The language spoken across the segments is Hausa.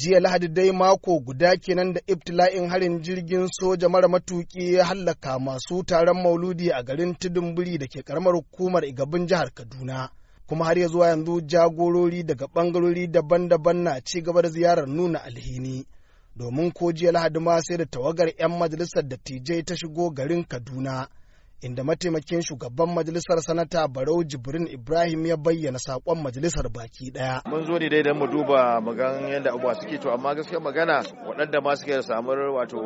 jiya lahadi dai mako guda kenan da ibtila'in harin jirgin soja mara matuki ya hallaka masu taron mauludi a garin tudunburi da ke karamar hukumar igabin jihar kaduna kuma har ya zuwa yanzu jagorori daga bangarori daban-daban na ci gaba da ziyarar nuna alhini domin ko jiya lahadi ma sai da tawagar 'yan majalisar dattijai ta shigo garin kaduna inda mataimakin shugaban majalisar sanata barau jibrin ibrahim ya bayyana sakon majalisar baki daya mun zo ne dai don mu duba magan yadda abuwa suke to amma gaskiya magana waɗanda ma suke da samar wato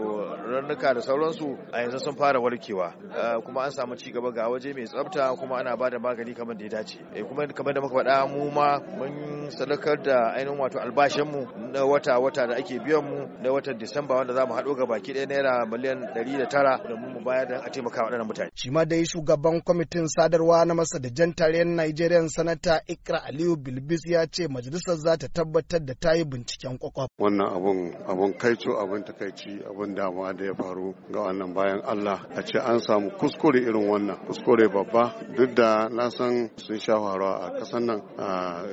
rannuka da sauransu a yanzu sun fara warkewa eh, kuma an samu ci gaba ga waje mai tsafta kuma ana ba da magani kamar da ya dace eh, kuma kamar da muka faɗa mu ma mun sadakar da ainihin wato albashinmu na wata-wata da ake biyan mu na watan disamba wanda za mu haɗo ga baki ɗaya naira miliyan ɗari da tara da mu bayar da a taimaka waɗannan mutane shi ma dai shugaban kwamitin sadarwa na masa da jan tarayyar Najeriya sanata Ikra Aliyu Bilbis ya ce majalisar za ta tabbatar da ta yi binciken kwakwaf. Wannan abun abun kaico abun takaici abun damuwa da ya faru ga wannan bayan Allah a ce an samu kuskure irin wannan kuskure babba duk da na san sun sha faruwa a kasan nan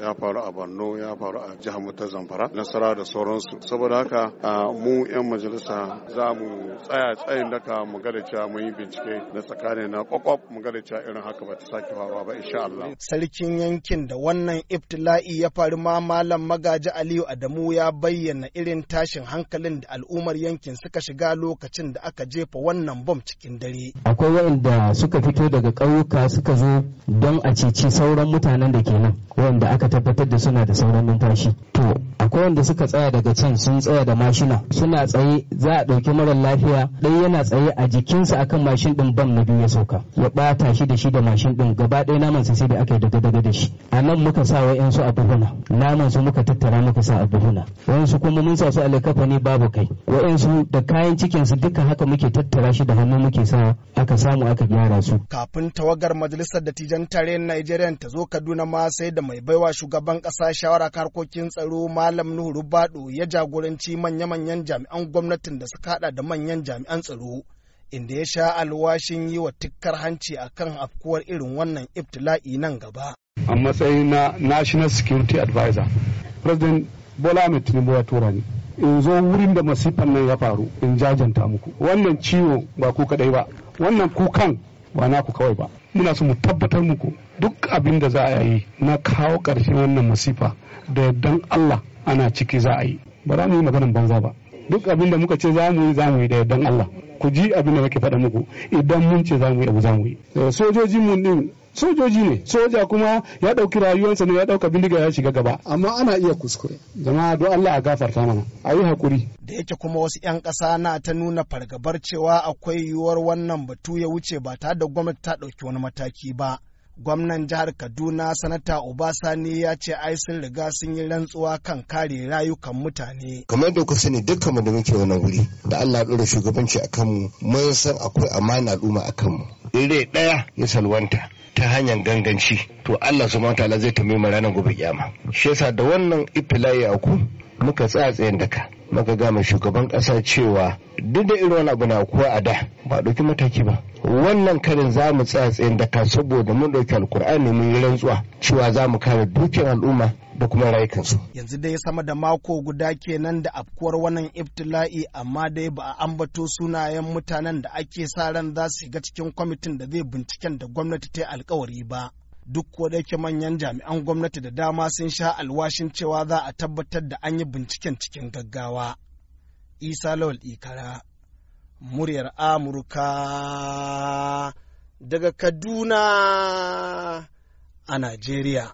ya faru a Borno ya faru a jihar mu ta Zamfara nasara da sauransu saboda haka mu 'yan majalisa za mu tsaya tsayin daka mu ga da cewa mun yi bincike na tsakanin ne na mu gane cewa irin haka ba ta sake ba insha Allah sarkin yankin da wannan iftila'i ya faru ma malam magaji Aliyu Adamu ya bayyana irin tashin hankalin da al'ummar yankin suka shiga lokacin da aka jefa wannan bom cikin dare akwai waɗanda suka fito daga ƙauyuka suka zo don a ceci sauran mutanen da ke nan wanda aka tabbatar da suna da sauran numfashi to akwai wanda suka tsaya daga can sun tsaya da mashina suna tsaye za a ɗauki marar lafiya ɗaya yana tsaye a jikinsa akan mashin ɗin bam na biyu sauka ya bata shi da shi da mashin din gaba ɗaya naman sai da aka yi daga daga da shi a nan muka sa wa yansu a buhuna naman su muka tattara muka sa a buhuna wayansu kuma mun sa su a ne babu kai wayansu da kayan cikin su duka haka muke tattara shi da hannu muke sa aka samu aka gyara su kafin tawagar majalisar dattijan tarayyar Najeriya ta zo Kaduna ma sai da mai baiwa shugaban kasa shawara karkokin tsaro Malam Nuhu Rubado ya jagoranci manya-manyan jami'an gwamnatin da suka hada da manyan jami'an tsaro inda ya sha alwashin yi wa tukkar hanci a kan afkuwar irin wannan iftila'i nan gaba. A matsayin na National Security Advisor, President Bola Ahmed Tinubu ya tura ni. In zo wurin da masifan nan ya faru in jajanta muku. Wannan ciwo ba ku kadai ba, wannan kukan ba naku kawai ba. Muna so mu tabbatar muku duk abin da za a yi na kawo ƙarshen wannan masifa da yardan Allah ana ciki za a yi. Ba za mu yi maganan banza ba. Duk abin da muka ce za mu yi za mu yi da yardan Allah. ku ji abin da muke faɗa muku idan mun ce za yi abu za yi eh, sojoji mun din sojoji ne soja kuma ya ɗauki rayuwarsa ne ya ɗauka bindiga ya shiga gaba amma ana iya kuskure jama'a don Allah a gafarta mana a yi hakuri da yake kuma wasu 'yan ƙasa na ta nuna fargabar cewa akwai yiwuwar wannan batu ya wuce ba ta da gwamnati ta ɗauki wani mataki ba gwamnan jihar kaduna sanata obasani ya ce ai sun riga sun yi rantsuwa kan kare rayukan mutane kamar da ku sani dukkan da muke wannan wuri da allah ɗora shugabanci a kanmu mun san akwai amana al'umma a kanmu ire ɗaya ya salwanta ta hanyar ganganci to allah subhanahu ta'ala zai tambaye mu ranar gobe kyama shi yasa da wannan ibtila'i a ku muka tsaya tsayin daka makaga mai shugaban kasa cewa duk da irin wani abu na kuwa a da ba ɗauki mataki ba wannan karin za mu tsaya tsayin ka saboda mun ɗauki alkur'ani mun yi rantsuwa cewa za mu kare dukiyar al'umma da kuma rayukansu. Yanzu dai sama da mako guda kenan da afkuwar wannan iftila'i amma dai ba a ambato sunayen mutanen da ake sa ran za su shiga cikin kwamitin da zai binciken da gwamnati ta yi alkawari ba. duk ko da manyan jami'an gwamnati da dama sun sha alwashin cewa za a tabbatar da an yi binciken cikin gaggawa. Isa Lawal Ikara, muryar Amurka daga Kaduna a Najeriya.